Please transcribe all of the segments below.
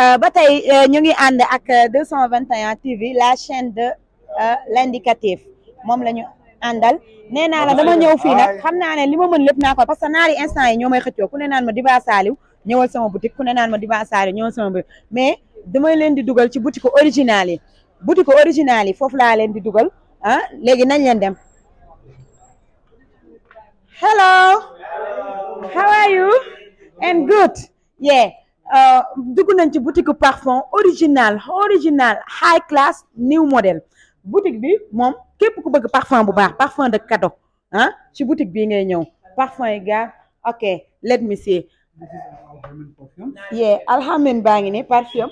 Euh, ba tey euh, ñu ngi ànd ak 221 euh, TV la chaîne de l'indicatif moom la ñu àndal nee naa la dama ñëw fii nag xam naa ne li ma mën lépp naa ko parce que naari instant yi ñoo may xëccoo ku ne naan ma Diba Saliou ñëwal sama boutique ku ne naan ma Diba Saliou ñëwal sama boutique mais damay leen di dugal ci boutique original yi boutique original yi foofu laa leen di dugal ah léegi nañ leen dem hello how are you and good yeah Euh, dugg nañ ci boutique parfum original original high class new model boutique bi moom képp ku bëgg parfum bu baax parfum de kado ah ci boutique bii ngay ñëw parfum yi gaar ok let me yee alhamin baa ngi ni parfum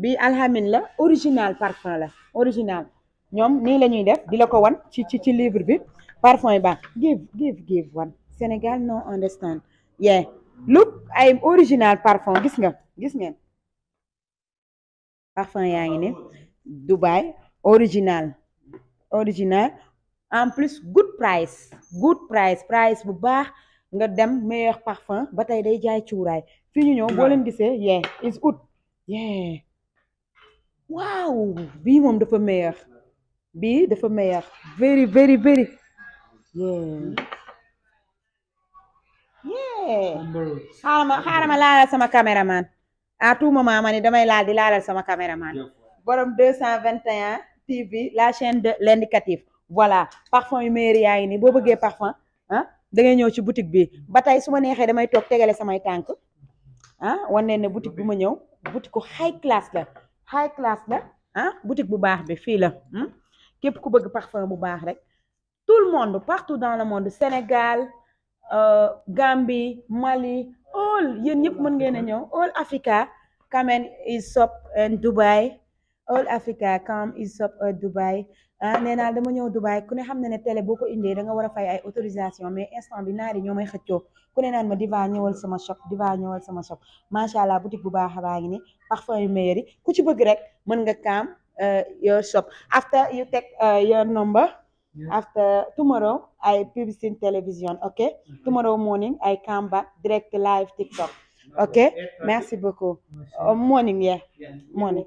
bi alhamin la original parfum la original ñoom nii la ñuy def di la ko wan ci ci ci livre bi parfum yi baax give give give wan Sénégal no understand yeah look ay original parfum gis nga gis ngeen parfum yaa ngi ne Dubai original original en plus good price good price price bu baax nga dem meilleur parfum ba tey day jaay cuuraay fi ñu ñëw boo leen gisee yeah is good yeah waaw bii moom dafa meilleur bii dafa meilleur very very very xaaral ma xaaral ma laalal sama caméraman à tout ma ni damay laal di laalal sama caméraman borom 221 TV la chaine de l'indicatif voilà parfum yu maire yaa ngi nii boo bëggee parfum ah da ngay ñëw ci boutique bi ba tey su ma neexee damay toog tegale samay tànk ah wan ne ne boutique bi ma ñëw boutique ku high class la high class la ah bu baax bi fii la hmm? képp ku bëgg parfum bu baax rek tout le monde partout dans le monde Sénégal Euh, Gambie Mali all yéen ñëpp mën ngeen a ñëw all Africa come and is up in Dubai all Africa come is up in Dubai ah, nee naa dama ñëw Dubai ku ne xam na ne télé boo ko indee da nga war a fay ay autorisation mais instant bi naari ñoo may xëccoo ku ne naan ma diva ñëwal sama shop diva ñëwal sama shop macha allah boutique bu baax a baa ngi ni parfumerie ku ci bëgg rek mën nga kaam euh, your shop after you take euh, your number. After tomorrow, I publish in television, okay? Mm -hmm. Tomorrow morning, I come back direct live TikTok. Okay, merci beaucoup. Uh, morning, yeah. Morning.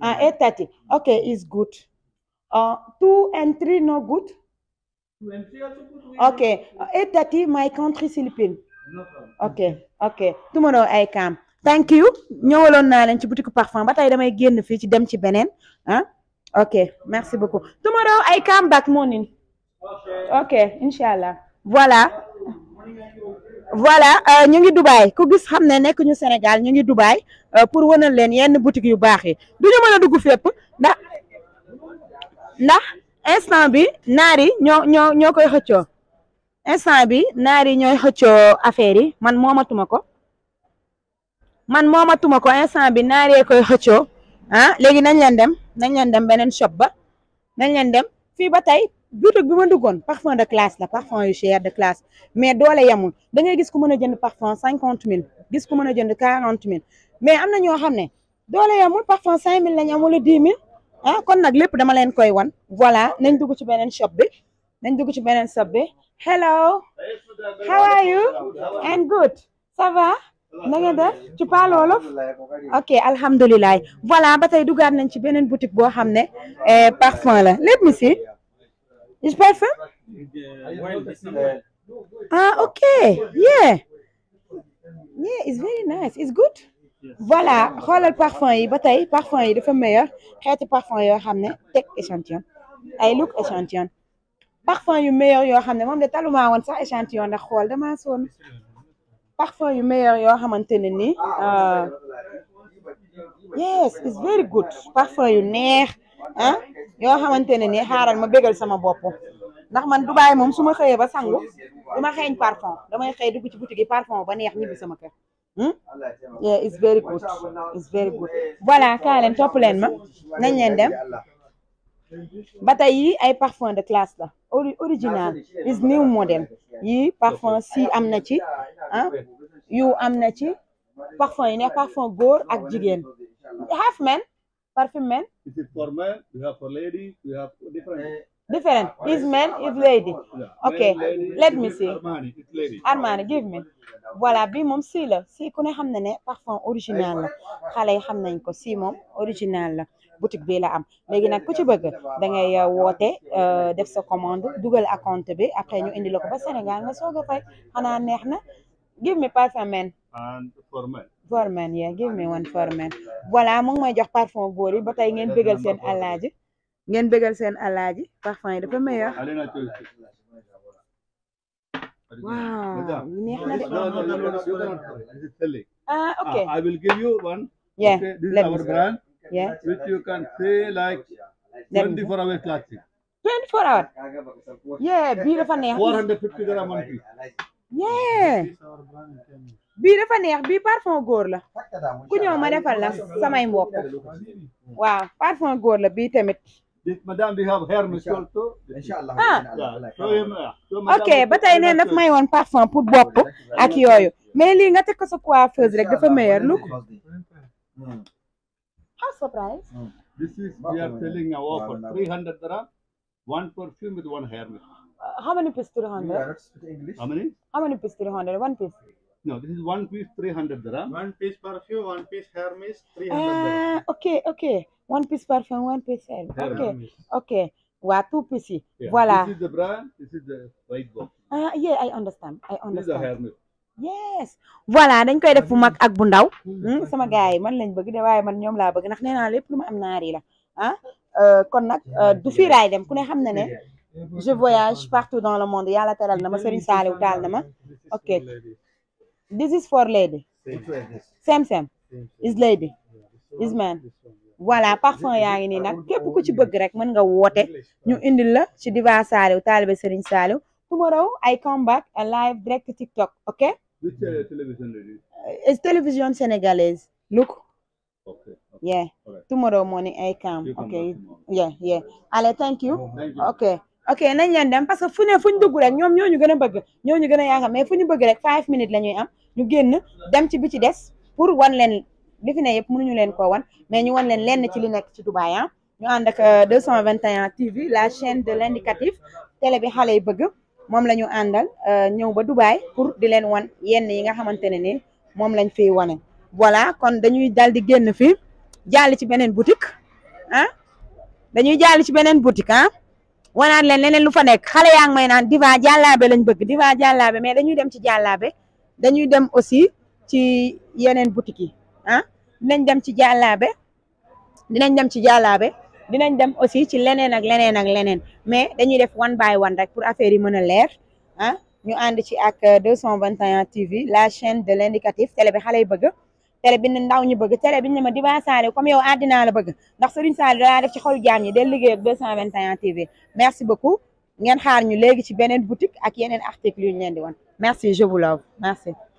At 8.30? Uh, 8.30. Okay, good. Uh, and 3, no good? 2 and 3 uh, my country Philippines. No problem. Okay, okay. Tomorrow I come. Thank you. ñëwaloon naa ci boutique parfum ba tey damay génn fii ci dem ci beneen ah. ok merci beaucoup tomorrow ay come back morning ok inshallah voilà voilà euh, ñu ngi Dubai ku gis xam ne nekk ñu Sénégal ñu ngi Dubai euh, pour wënal leen yenn boutique yu baax yi du ñu mën a dugg fépp ndax ndax instant bi naar yi ñoo ñoo koy xëccoo instant bi naar yi ñooy xëcco affaire yi man moomatuma ko man moomatuma ko instant bi naar yee koy xëccoo ah léegi nañ leen dem nañ leen dem beneen shop ba nañ leen dem fii ba tey boutique bi ma duggoon parfum de classe la parfum yu cher de classe mais doole yamul da ngay gis ku mën a jënd parfum cinquante mille gis ko mën a jënd quarante mille mais am na ñoo xam ne doole yamul parfum cinq mille lañ am wala dix mille ah kon nag lépp dama leen koy wan voilà nañ dugg ci beneen shop bi nañ dugg ci beneen shop bi hello how are you and good ça na ngeen def ci parles wolof ok alhamdulilah voilà ba tey dugaat nañ ci beneen boutique boo xam ne eh, parfum la let me see is parfum ah ok yeah yeah it's very nice it's good voilà xoolal parfum yi ba tey parfum yi dafa meilleur xeeti parfum yoo xam ne teg échantillon ay look échantillon parfum yu meilleur yoo xam ne moom de taluma woon sax échantillon ndax xool dama sonn parfum yu meilleur yoo xamante ne ni euh, yes it's yu neex ah yoo xamante ne ni xaaral ma bégal sama bopp ndax man Dubaay moom su ma xëyee ba sangu du ma xeeñ parfum damay xëy dugg ci boutique yi parfum ba neex ñibbi sama kër hmm? yeah it's very good it's very good voilà kaa leen ma nañ leen dem ba yi ay parfum de classe la original is new model yi parfum si am na ci ah yu am na ci parfum yi nekk parfum góor ak jigéen half men parfum men for men we have for let me see Armani give me voilà bi moom si la si ku ne xam na ne parfum original la xale yi xam nañ ko si moom original la boutique bii la am léegi nag ku ci bëgg da ngay euh, woote euh, def sa commande dugal acompte bi après ñu indi la ko ba Sénégal nga soog a fay xanaa neex na give me parfum for men. and for give me one for men voilà mu jox parfum góor yi ba tey ngeen bégal seen alaaji ngeen bégal seen alaaji parfum yi dafa meilleur. waaw neex na de. ah ok ah, I will give you one. yeah this is our brand. yeah which you yee bii dafa neex bi parfum góor la ku ñëw ma defal la samay mbokk waaw parfum góor la bii tamit ah ok ba tey nee may woon parfum pour bopp ak yooyu mais lii nga teg ko sa coiffeuse rek dafa meilleur look Uh, how many piece? 300? English. How many? How many One piece. No, this one piece 300 dirham. One piece perfume, one piece uh, hair mist, two piece. Yeah. Voila. This uh, I understand. I understand. yes voilà dañ koy def bu mag ak bu ndaw hmm, sama gars yi man lañ bëgg de waaye man ñoom laa bëgg nax nee naa lépp lu ma am naari la ah euh, kon nag euh, du fii dem ku ne xam na ne je voyage partout dans le monde yàlla teral na ma Serigne Saliou taal na ma ok this is for lady same same is lady is man voilà parfum yaa ngi nii nag képp ku ci bëgg rek mën nga woote ñu indil la ci Diva Saliou taalibe Serigne Saliou tomorrow I come back a live direct TikTok ok uh, uh, it's télévision sénégalaise look yeah tomorrow morning I come ok yeah yeah allez thank you ok ok nañ leen dem parce que fu ne fu ñu dugg rek ñoom ñoo ñu gën a bëgg ñoo ñu gën a yaakaar mais fu ñu bëgg rek five minutes la am ñu génn dem ci bi ci des pour wan leen li fi ne yëpp mënuñu leen koo wan mais ñu wan leen lenn ci li nekk ci Dubaï ah ñu ànd ak 221 euh, TV la chaine de l'indicatif télé bi xale yi bëgg moom la ñu àndal euh, ñëw ba Dubaï pour di leen wan yenn yi nga xamante ne ni moom lañ fiy wane. voilà kon dañuy dal di génn fii jàll ci beneen boutique ah dañuy jàll ci beneen boutique ah. wanaat leen leneen lu fa nekk xale yaa ngi may naan diva jàllaabe lañ bëgg diva jàllaabe mais dañuy dem ci jàllaabe dañuy dem aussi ci yeneen boutique yi ah dinañ dem ci jàllaabe dinañ dem ci jàllaabe dinañ dem aussi ci leneen ak leneen ak leneen mais dañuy def one by one rek pour affaire yi mën a leer ah ñu ànd ci ak 221 TV la chaîne de l'indicatif télé bi xale yi bëgg tere bi ndaw ñu bëgg tere bi ma Diba Sané comme yow àddinaa la bëgg ndax Serigne Saliou dalaa def ci xol jaam ñi del liggéey ak 221 TV merci beaucoup ngeen xaar ñu léegi ci beneen boutique ak yeneen article yu ñu leen di woon merci je vous love merci